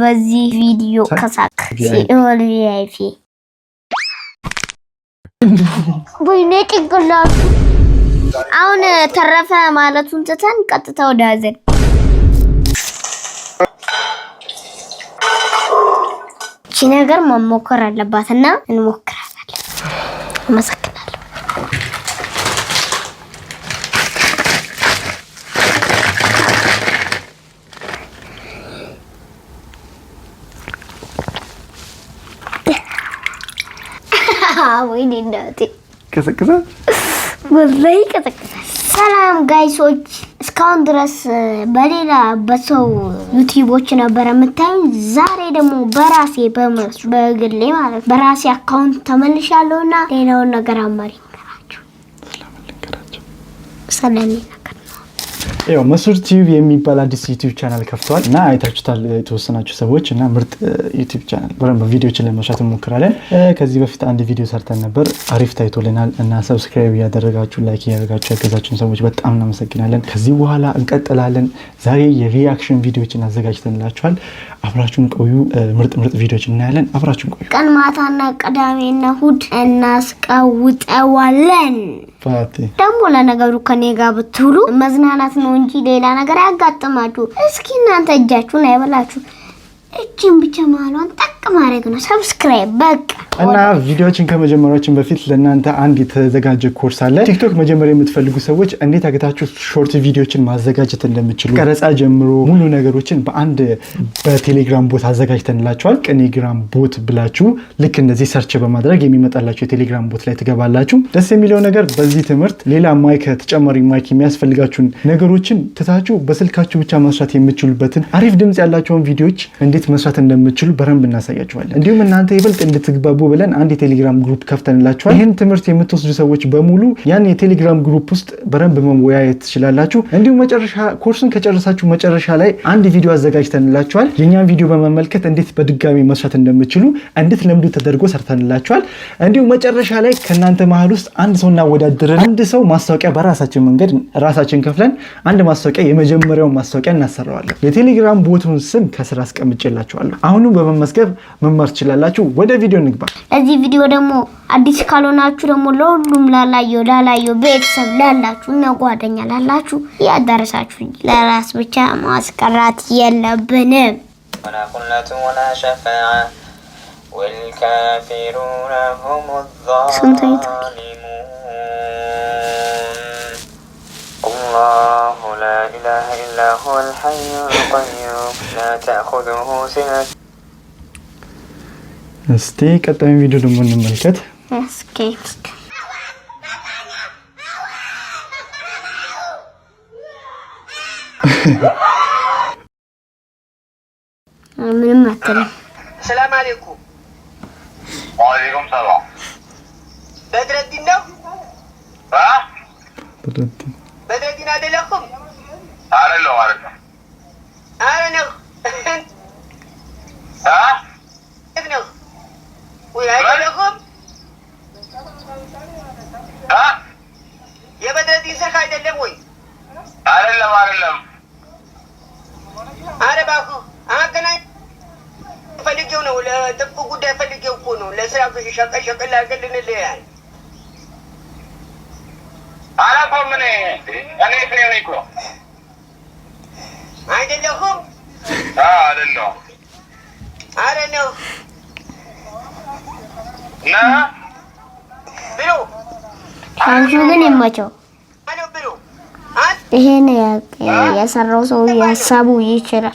በዚህ ቪዲዮ ከሳቅ ሲኦል ቪአይፒ ጭንቅላቱ። አሁን ተረፈ ማለቱን ትተን ቀጥታ ወደ ሀዘን ነገር መሞከር አለባትና እና ወይኔ እናቴ ይቀዘቅዛል፣ ወላሂ ይቀዘቅዛል። ሰላም ጋይሶች፣ እስካሁን ድረስ በሌላ በሰው ዩቲዩቦች ነበር የምታዩኝ። ዛሬ ደግሞ በራሴ በግሌ ማለት ነው በራሴ አካውንት ተመልሻለሁና ሌላውን ነገር አማሪ ንገራቸው። ሰላም ያው መስር ቲቪ የሚባል አዲስ ዩቲብ ቻናል ከፍተዋል እና አይታችሁታል የተወሰናችሁ ሰዎች እና ምርጥ ዩቲብ ቻናል በደንብ ቪዲዮችን ለመስራት እንሞክራለን። ከዚህ በፊት አንድ ቪዲዮ ሰርተን ነበር፣ አሪፍ ታይቶልናል እና ሰብስክራይብ እያደረጋችሁ ላይክ እያደረጋችሁ ያገዛችሁን ሰዎች በጣም እናመሰግናለን። ከዚህ በኋላ እንቀጥላለን። ዛሬ የሪያክሽን ቪዲዮችን አዘጋጅተንላችኋል። አብራችሁን ቆዩ። ምርጥ ምርጥ ቪዲዮች እናያለን። አብራችሁን ቆዩ። ቀን ማታና ቅዳሜና እሑድ እናስቀውጠዋለን። ደግሞ ለነገሩ ከኔ ጋር ብትውሉ መዝናናት ነው እንጂ ሌላ ነገር አያጋጥማችሁ። እስኪ እናንተ እጃችሁን አይበላችሁ። እጅን ብቻ ማሏን ማድረግ ነው። ሰብስክራይብ በቃ እና ቪዲዮችን ከመጀመራችን በፊት ለእናንተ አንድ የተዘጋጀ ኮርስ አለ። ቲክቶክ መጀመሪያ የምትፈልጉ ሰዎች እንዴት አግታችሁ ሾርት ቪዲዮችን ማዘጋጀት እንደምችሉ ቀረጻ ጀምሮ ሙሉ ነገሮችን በአንድ በቴሌግራም ቦት አዘጋጅተንላችኋል። ቅኔግራም ቦት ብላችሁ ልክ እንደዚህ ሰርች በማድረግ የሚመጣላችሁ የቴሌግራም ቦት ላይ ትገባላችሁ። ደስ የሚለው ነገር በዚህ ትምህርት ሌላ ማይክ ተጨማሪ ማይክ የሚያስፈልጋችሁን ነገሮችን ትታችሁ በስልካችሁ ብቻ መስራት የምችሉበትን አሪፍ ድምፅ ያላቸውን ቪዲዮዎች እንዴት መስራት እንደምትችሉ በረንብ እናሳይ እናሳያቸዋለን። እንዲሁም እናንተ ይበልጥ እንድትግባቡ ብለን አንድ የቴሌግራም ግሩፕ ከፍተንላችኋል። ይህን ትምህርት የምትወስዱ ሰዎች በሙሉ ያን የቴሌግራም ግሩፕ ውስጥ በደንብ መወያየት ትችላላችሁ። እንዲሁም መጨረሻ ኮርሱን ከጨረሳችሁ መጨረሻ ላይ አንድ ቪዲዮ አዘጋጅተንላችኋል። የእኛን ቪዲዮ በመመልከት እንዴት በድጋሚ መስራት እንደምችሉ እንዴት ለምዱ ተደርጎ ሰርተንላችኋል። እንዲሁም መጨረሻ ላይ ከእናንተ መሀል ውስጥ አንድ ሰው እናወዳድረን አንድ ሰው ማስታወቂያ በራሳችን መንገድ ራሳችን ከፍለን አንድ ማስታወቂያ የመጀመሪያውን ማስታወቂያ እናሰራዋለን። የቴሌግራም ቦቱን ስም ከስራ አስቀምጬላችኋለሁ። አሁኑ በመመዝገብ መማር ትችላላችሁ። ወደ ቪዲዮ እንግባ። እዚህ ቪዲዮ ደግሞ አዲስ ካልሆናችሁ ደግሞ ለሁሉም ላላየው ላላየው ቤተሰብ ላላችሁ እና ጓደኛ ላላችሁ ያዳረሳችሁ እንጂ ለራስ ብቻ ማስቀራት የለብንም። الله لا إله إلا هو الحي القيوم لا تأخذه سنة እስቲ ቀጣዩን ቪዲዮ ደግሞ እንመልከት። ምንም አትልም። ሰላም አለይኩም። ወአለይኩም ሰላም። በድረዲን ነው በድረዲን አይደለ እኮ ነው። ለጥብቅ ጉዳይ ፈልጌ እኮ ነው። ለስራ ብዙ ሸቀሸቀል አድርገን ልንለያል አላውቀውም። እኔ እኔ ፍሬ ነኝ እኮ አይደለሁም። አይደለሁ። አረ ነው እና ብሎ አንቺ ግን የማቸው ይሄን የሰራው ሰው ያሳቡ ይችላል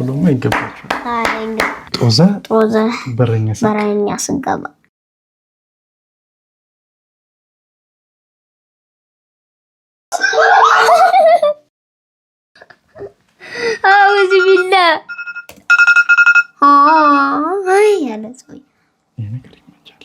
ብሎማ ይገባቸው ጦዘ ጦዘ በረኛ ስንገባ አውዝ ቢላ አይ ያለ ሰው ይሄ ነገር ይመቻል።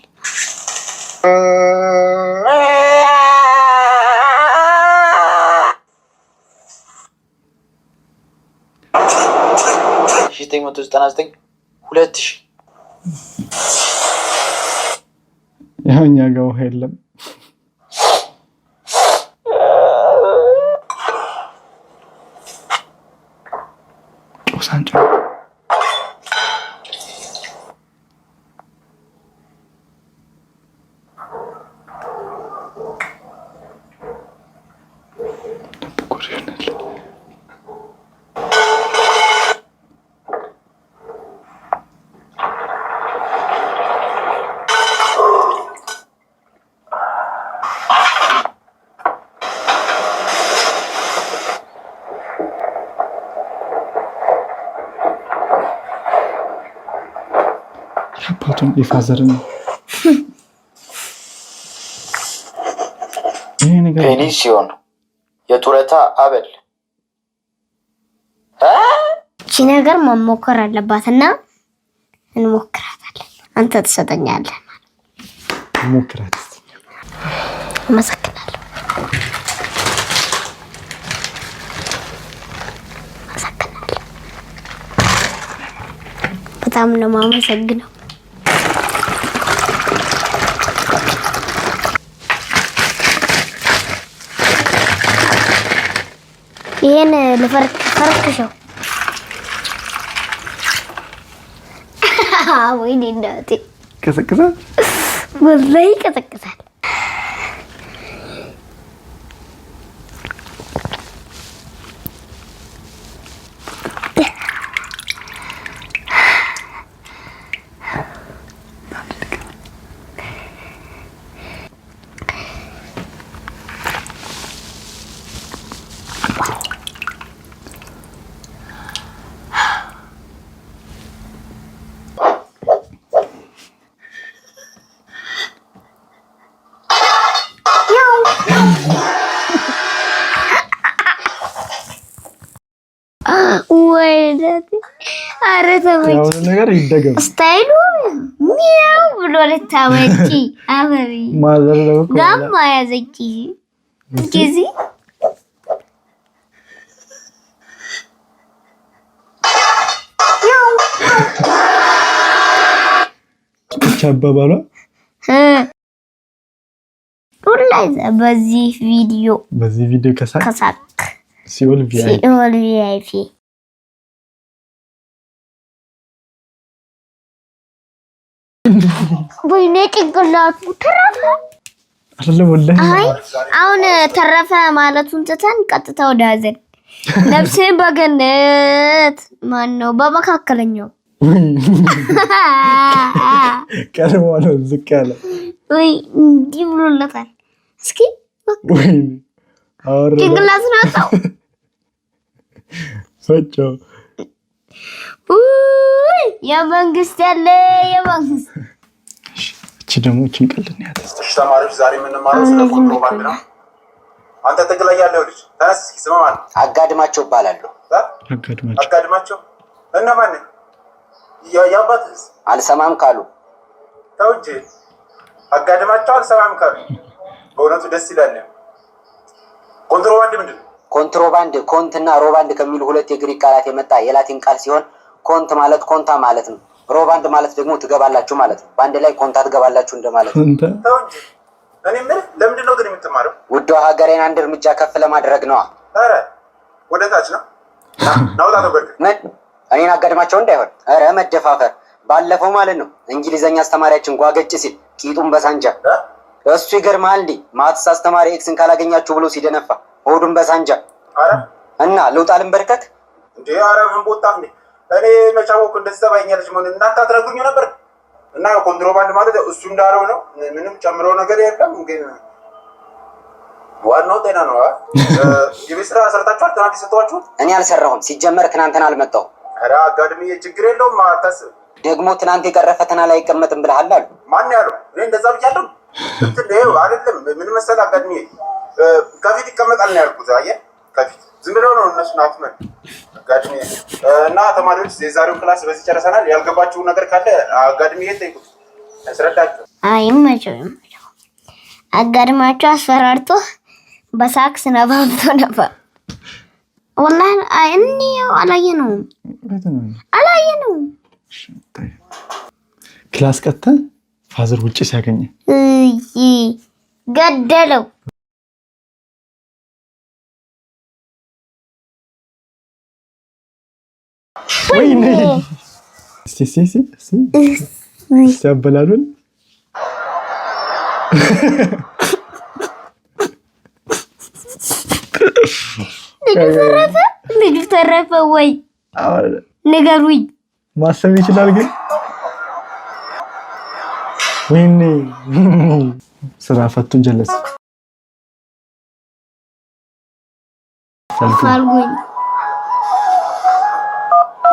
ሁለት ሺህ ያው እኛ ጋር ውሃ የለም። የአባቱን የፋዘርን ፔኒ የጡረታ አበል እቺ ነገር መሞከር አለባት እና እንሞክራታለን። አንተ ትሰጠኛለህ። ሞክራት። አመሰግናለሁ። በጣም ነው የማመሰግነው። ይሄን ልፈርክ ወይኔ እናቴ ይቀሰቅሳል፣ ወላሂ ይቀሰቅሳል። አረ ተመጪ ነገር ይደገም ስታይሉ ሚያው ብሎ ለታወጪ አበቢ ማዘረው ጋማ ያዘቺ ጊዜ ይቻባባሏ ሁላይ በዚህ ቪዲዮ በዚህ ቪዲዮ ከሳክ ከሳክ ሲኦል ቪአይፒ ወይኔ ጭንቅላቱ ተረፈ። አይደለም ወላሂ። አይ አሁን ተረፈ ማለቱን ትተን ቀጥታ ወደ ሀዘን ነፍስህን በገነት ማን ነው? በመካከለኛው ቀድሞ ነው ዝቅ ያለ ወይ እንዲህ ብሎለታል። እስኪ ጭንቅላቱን አውጣው ፈጫው። የመንግስት ያለ የመንግስት እቺ ደግሞ እቺን ቀልን ያተስተሽ ተማሪዎች ዛሬ የምንማረው ስለ ኮንትሮባንድ ነው። አንተ ትግል ላይ ያለው ልጅ ተነስ፣ እስኪ ስማ። ማለት አጋድማቸው እባላለሁ። አጋድማቸው እነማን? የአባትህስ? አልሰማም ካሉ ተው እንጂ አጋድማቸው አልሰማም ካሉ። በእውነቱ ደስ ይላል። ኮንትሮባንድ ምንድን ነው? ኮንትሮባንድ ኮንት እና ሮባንድ ከሚሉ ሁለት የግሪክ ቃላት የመጣ የላቲን ቃል ሲሆን ኮንት ማለት ኮንታ ማለት ነው። ሮባንድ ማለት ደግሞ ትገባላችሁ ማለት ነው። በአንድ ላይ ኮንታ ትገባላችሁ እንደማለት ነው። ለምንድን ነው ግን የምትማረው? ውዷ ሀገሬን አንድ እርምጃ ከፍ ለማድረግ ነዋ። ወደታች ነው ናውጣ እኔን አጋድማቸው እንዳይሆን። ኧረ መደፋፈር ባለፈው ማለት ነው እንግሊዘኛ አስተማሪያችን ጓገጭ ሲል ቂጡን በሳንጃ እሱ ይገርማል። እንዲ ማትስ አስተማሪ ኤክስን ካላገኛችሁ ብሎ ሲደነፋ ሆዱን በሳንጃ እና ልውጣ ልንበርከክ እንዴ? ኧረ ምን ቦታ እኔ መቼ አወኩ እንደዚህ ተባይኛለች። ምን እናታትረጉኝ ነበር? እና ኮንትሮባንድ ማለት እሱ እንዳለው ነው። ምንም ጨምሮ ነገር የለም። ግን ዋናው ጤና ነው። የቤት ስራ ሰርታችኋል? ትናንት የሰጠኋችሁት እኔ አልሰራሁም። ሲጀመር ትናንትና አልመጣሁም። ኧረ አጋድሚ ችግር የለውም አታስብ። ደግሞ ትናንት የቀረ ፈተና ላይ አይቀመጥም ብለሃል አሉ። ማን ያለው? እኔ እንደዛ ብያለሁ። እንትን አይደለም ምን መሰለህ አጋድምዬ ከፊት ይቀመጣል ነው ያልኩት። አየህ ከፊት ዝም ብለው ነው እነሱን አትመን አጋድሚ እና ተማሪዎች የዛሬው ክላስ በዚህ ጨርሰናል። ያልገባችሁን ነገር ካለ አጋድሚ ሄድ ጠይቁት፣ ያስረዳቸው። አይመቸው አጋድማቸው አስፈራርቶ በሳክስ ነባብቶ ነበር። ወላሂ እኔ አላየነውም አላየነውም። ክላስ ቀጥተን ፋዘር ውጭ ሲያገኘ ገደለው። ሲያበላሉን ምግብ ተረፈ ወይ ንገሩኝ። ማሰብ ይችላል ግን ወይኔ ስራ ፈቱን ጀለስ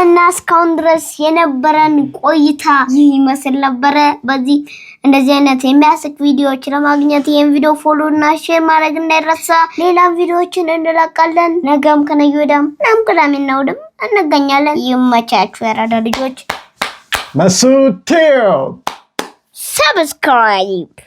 እና እስካሁን ድረስ የነበረን ቆይታ ይህ ይመስል ነበረ። በዚህ እንደዚህ አይነት የሚያስቅ ቪዲዮዎች ለማግኘት ይህን ቪዲዮ ፎሎ እና ሼር ማድረግ እንዳይረሳ። ሌላም ቪዲዮዎችን እንለቃለን። ነገም ከነገ ወዲያም እናም ቅዳሜና እሑድም እንገኛለን። ይመቻችሁ የአራዳ ልጆች። መሱ ቲዩብ ሰብስክራይብ